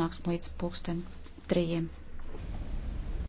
nāksim līdz pulksten trījiem.